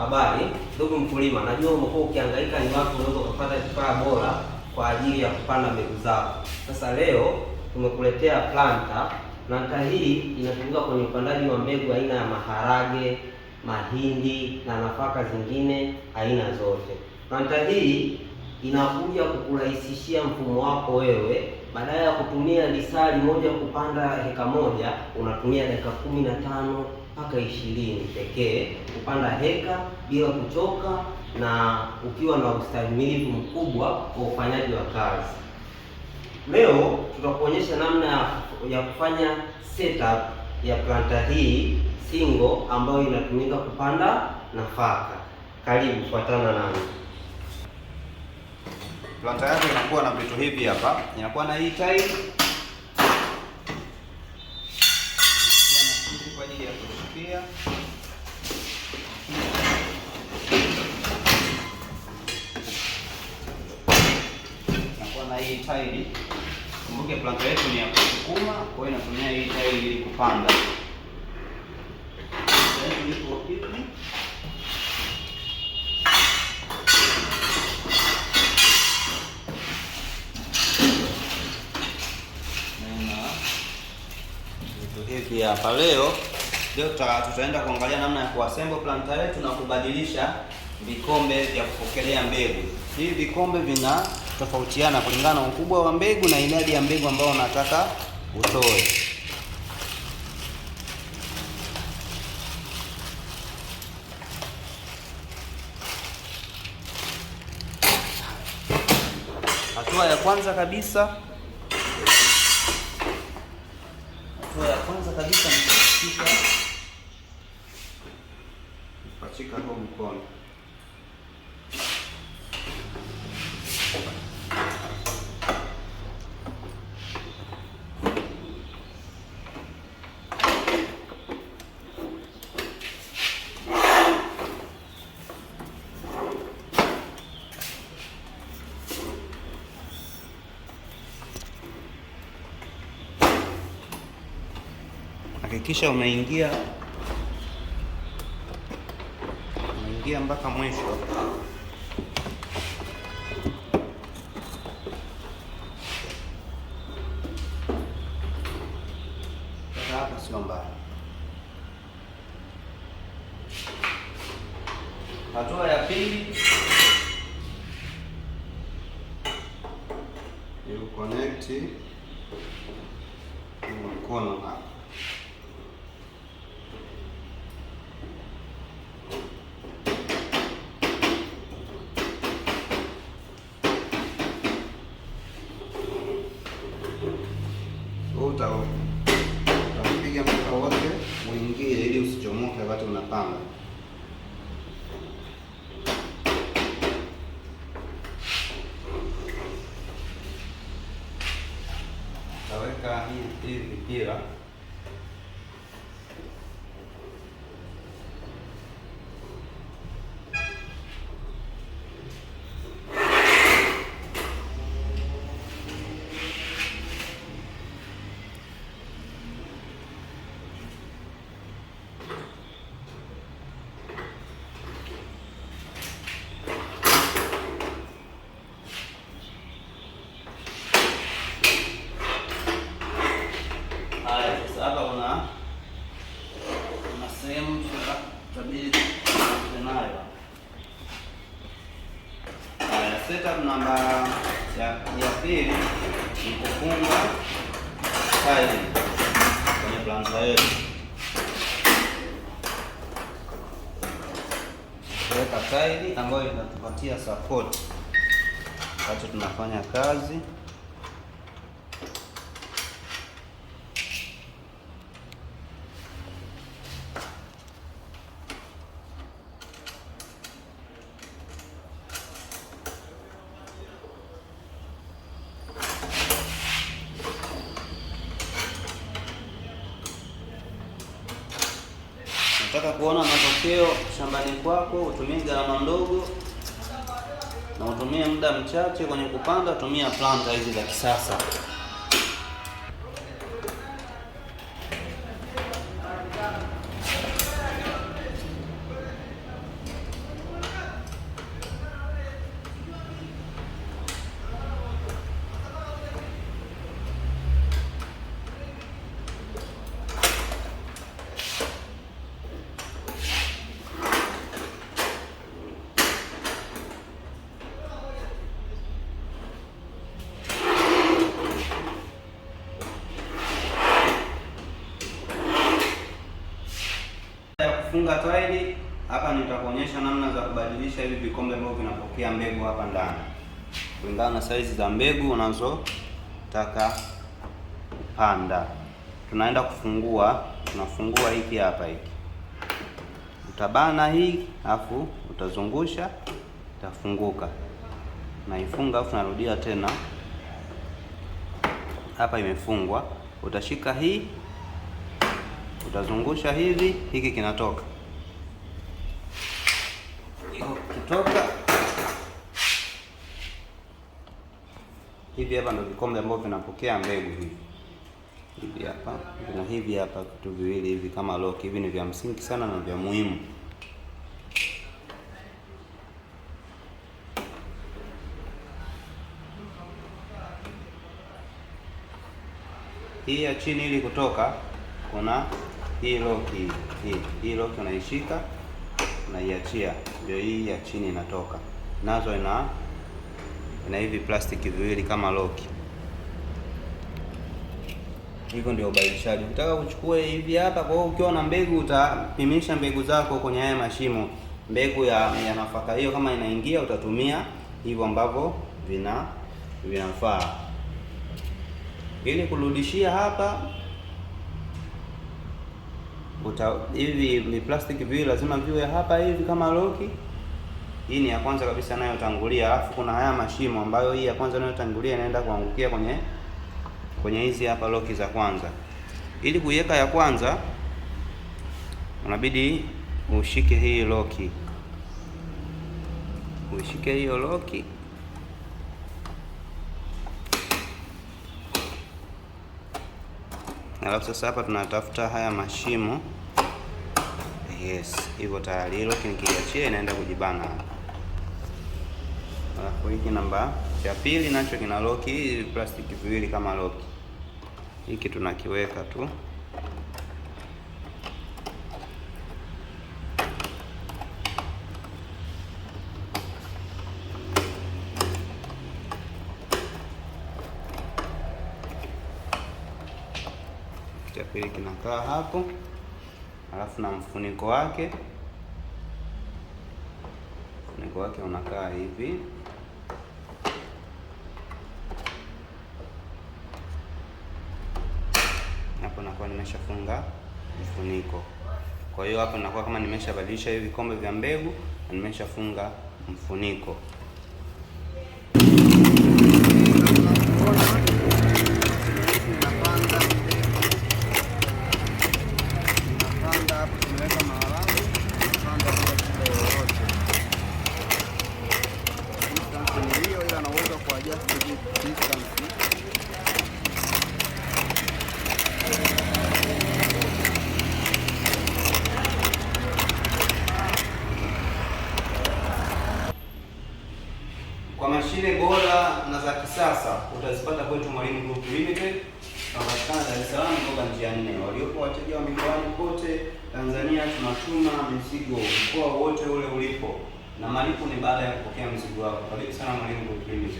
Habari ndugu mkulima, najua umekuwa ukihangaika ni wapi unaweza kupata kifaa bora kwa ajili ya kupanda mbegu zako. Sasa leo tumekuletea planta. Planta hii inatumika kwenye upandaji wa mbegu aina ya maharage, mahindi na nafaka zingine aina zote. Planta hii inakuja kukurahisishia mfumo wako wewe, badala ya kutumia lisali moja kupanda heka moja unatumia dakika kumi na tano mpaka ishirini pekee kupanda heka bila kuchoka na ukiwa na ustahimilivu mkubwa wa ufanyaji wa kazi. Leo tutakuonyesha namna ya kufanya setup ya planta hii single ambayo inatumika kupanda nafaka. Karibu, fuatana nami. Planta yako inakuwa na vitu hivi hapa, inakuwa na hii tairi Kumbuke planta yetu ni ya kusukuma, kwa hiyo inatumia hii tairi ili kupanda. hivi hapa leo leo tutaenda kuangalia namna ya kuassemble planta yetu na kubadilisha vikombe vya kupokelea mbegu. Hivi vikombe vina tofautiana kulingana na ukubwa wa mbegu na idadi ya mbegu ambayo unataka utoe. Hatua ya kwanza kabisa, hatua ya kwanza kabisa ni kupachika, kupachika kwa mkono hakikisha unaingia unaingia mpaka mwisho. Hapa sio mbaya. Hatua ya pili ni uconnect mkono hapa बताता हूँ Давай-ка, и, и, и, и, sehemu tutabidi Haya, setup namba ya pili ni kufunga tairi kwenye blanza yetu, kuweka tairi ambayo inatupatia support wakati tunafanya kazi. Ukitaka kuona matokeo shambani kwako, utumie gharama ndogo na utumie muda mchache kwenye kupanda. Tumia planta hizi za kisasa. Funga tairi hapa, nitakuonyesha namna za kubadilisha hivi vikombe ambavyo vinapokea mbegu hapa ndani, kulingana na saizi za mbegu unazotaka kupanda. Tunaenda kufungua, tunafungua hiki hapa, hiki utabana hii, afu utazungusha, itafunguka. Naifunga afu narudia tena hapa, imefungwa. Utashika hii utazungusha hivi, hiki kinatoka, kutoka hivi hapa. Ndio vikombe ambavyo vinapokea mbegu hivi hivi hapa, na hivi hapa, vitu viwili hivi kama lock hivi, ni vya msingi sana na vya muhimu. Hii ya chini ili kutoka kuna hii lock hii hii lock unaishika, unaiachia, ndio hii ya chini inatoka. Nazo ina ina hivi plastic viwili kama lock. Hivyo ndio ubadilishaji. Ukitaka kuchukua hivi hapa, kwa hiyo ukiwa na mbegu utapimisha mbegu zako kwenye haya mashimo, mbegu ya, ya nafaka hiyo kama inaingia, utatumia hivyo ambavyo vina vinafaa, ili kurudishia hapa uta, hivi plastic viwili lazima viwe hapa hivi kama loki. Hii ni ya kwanza kabisa tangulia, alafu kuna haya mashimo ambayo hii ya kwanza tangulia inaenda kuangukia kwenye kwenye hizi hapa loki za kwanza. Ili kuiweka ya kwanza, unabidi ushike hii loki, ushike hiyo loki alafu sasa hapa tunatafuta haya mashimo yes, hivyo tayari hilo kinikiachia inaenda kujibana. Alafu hiki namba cha pili nacho kina loki, plastiki viwili kama loki, hiki tunakiweka tu. kile kinakaa hapo, alafu na mfuniko wake, mfuniko wake unakaa hivi hapo, nakuwa nimeshafunga mfuniko. Kwa hiyo hapo nakuwa kama nimeshabadilisha hivi vikombe vya mbegu na nimeshafunga mfuniko. Kwa mashine bora na za kisasa utazipata kwetu Mwalimu Group Limited, tunapatikana Dar es Salaam mboga njia nne. Waliopo wateja wa mikoani kote Tanzania tunatuma mizigo mkoa wote ule ulipo, na malipo ni baada ya kupokea mzigo wako. Karibu sana Mwalimu Group Limited.